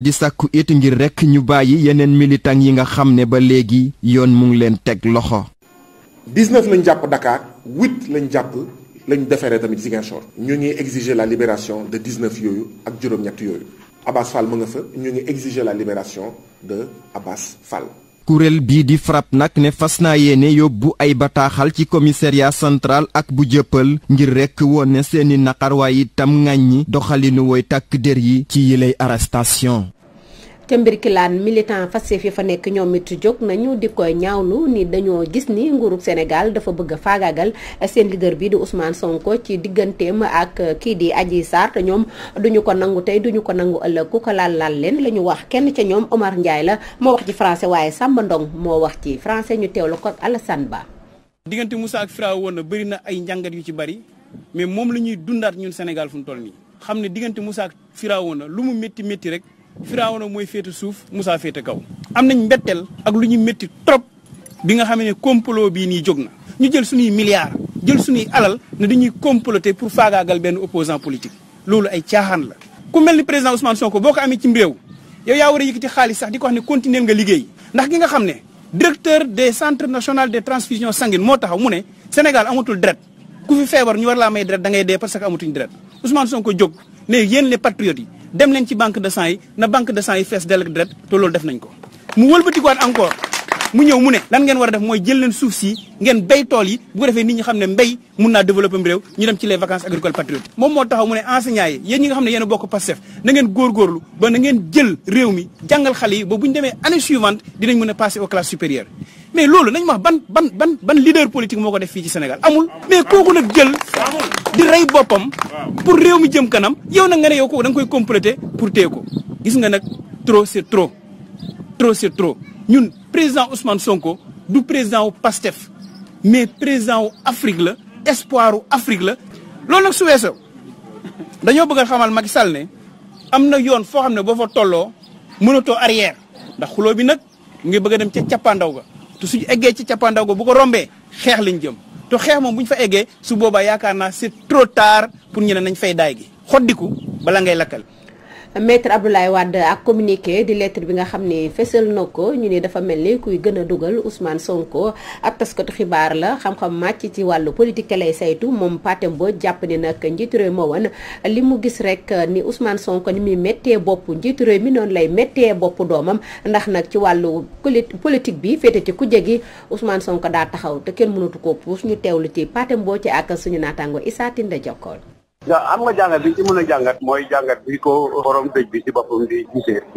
di sàkku it ngir rekk ñu bàyyi yeneen militant yi nga xam ne ba léegi yoon mu ngi leen teg loxo. 19 lañ jàpp Dakar 8 lañ jàpp lañ defaree tamit Ziguinchor. ñu ngi exiger la libération de 19 yooyu ak juróom-ñett yooyu Abass Fall nga fa ñu ngi exigé la libération de Abass Fall. kuréel bii di FRAPP nag ne fas naa yéene yóbbu ay bataaxal ci commissariat central ak bu jëppal ngir rekk woon ne seeni naqar waaye itam ŋàññi doxalinu woy takk der yi ci yilay arrestation ca Mbirkilaan militant Pastef yi fa nekk ñoom it jóg nañu di koy ñaawlu ni dañoo gis ni nguurub Sénégal dafa bëgg a faagaagal seen leader bi di Ousmane Sonko ci digganteem ak kii di Adji Sarr te ñoom duñu ko nangu tey duñu ko nangu ëllëg ku ko laal leen la ñu wax kenn ca ñoom Omar Ndiaye la moo wax ci français waaye Samba Ndong moo wax ci français ñu teew teewlu ko Alassane Ba. diggante Moussa ak Firaw woon na bëri na ay njàngat yu ci bari mais moom la ñuy dundaat ñun Sénégal fu mu toll nii xam ne diggante Moussa ak Firaw na lu mu métti métti rek Firawna mooy féete suuf Moussa féete kaw am nañ mbetteel ak lu ñu métti trop bi nga xam ne complot bii nii jóg na ñu jël suñuy milliards jël suñuy alal ne dañuy comploter pour faagaagal benn opposant politique loolu ay caaxaan la ku mel ni président Ousmane Sonko boo ko amee ci réew yow yaa war a yëkkati xaalis sax di ko wax ne continuer nga liggéey ndax gi nga xam ne directeur des centres national des transfusions sanguines moo taxaw mu ne Sénégal amatul deret ku fi feebar ñu war laa may deret da ngay dee parce que amatuñ deret Ousmane Sonko jóg yi dem leen ci banque de sang yi na banque de sang yi fees dell ak deret te loolu def nañ ko mu wëlbatikuwaat encore mu ñëw mu ne lan ngeen war a def mooy jël leen suuf si ngeen béy tool yi bu ko ni nit ñi xam ne mbéy mun naa développé mu réew ñu dem ci les vacances agricoles patriotes moom moo taxaw mu ne enseignants yi yéen ñi nga xam ne yéen a bokk Pastef na ngeen góorgóorlu ba na ngeen jël réew mi jàngal xale yi ba bu ñu demee année suivante dinañ mën a passer aux classes supérieures mais loolu nañu ma ban ban ban ban leader politique moo ko def fii ci Sénégal amul mais kooku nag jël di rey boppam pour réew mu jëm kanam yow nag nga ne yow ko da koy complété pour téye ko gis nga nag tro c'est tro tro c'est tro ñun président Ousmane Sonko du président wu PASTEF mais président wu Afrique la espoir wu Afrique la loolu nag su weesoo dañoo bëgg a xamal Macky Sall am na yoon foo xam ne boo fa tolloo mënatoo arrière ndax xuloo bi nag mu ngi bëgg dem ca cappaandaw ga te suñu eggee ci cappaandaw bu ko rombee xeex lañ jëm te xeex moom bu fa eggee su boobaa yaakaar naa c'est trop tard pour ñu ne nañ fay daay gi xoddiku bala ngay lakkal maître Abdoulaye Wade ak communiqué di lettre bi nga xam ne fésal na ko ñu ne dafa mel ni kuy gën a dugal Ousmane Sonko ab taskatu xibaar la xam-xam màcc ci wàllu politique lay saytu moom Pathé Mbodj jàpp ne nag njiitu réew ma woon li mu gis rek ni Ousmane Sonko ni muy méttee bopp njiitu réew mi lay méttee bopp doomam ndax nag ci wàllu politique bi féete ci kujje gi Ousmane Sonko daa taxaw te kenn mënatu ko puus ñu teewlu ci Pathé Mbodj ci ak suñu naataango Issa Tine jokkool am nga jàngat bi ci mën a jàngat mooy jàngat bi ko borom dëj bi ci boppam di gisee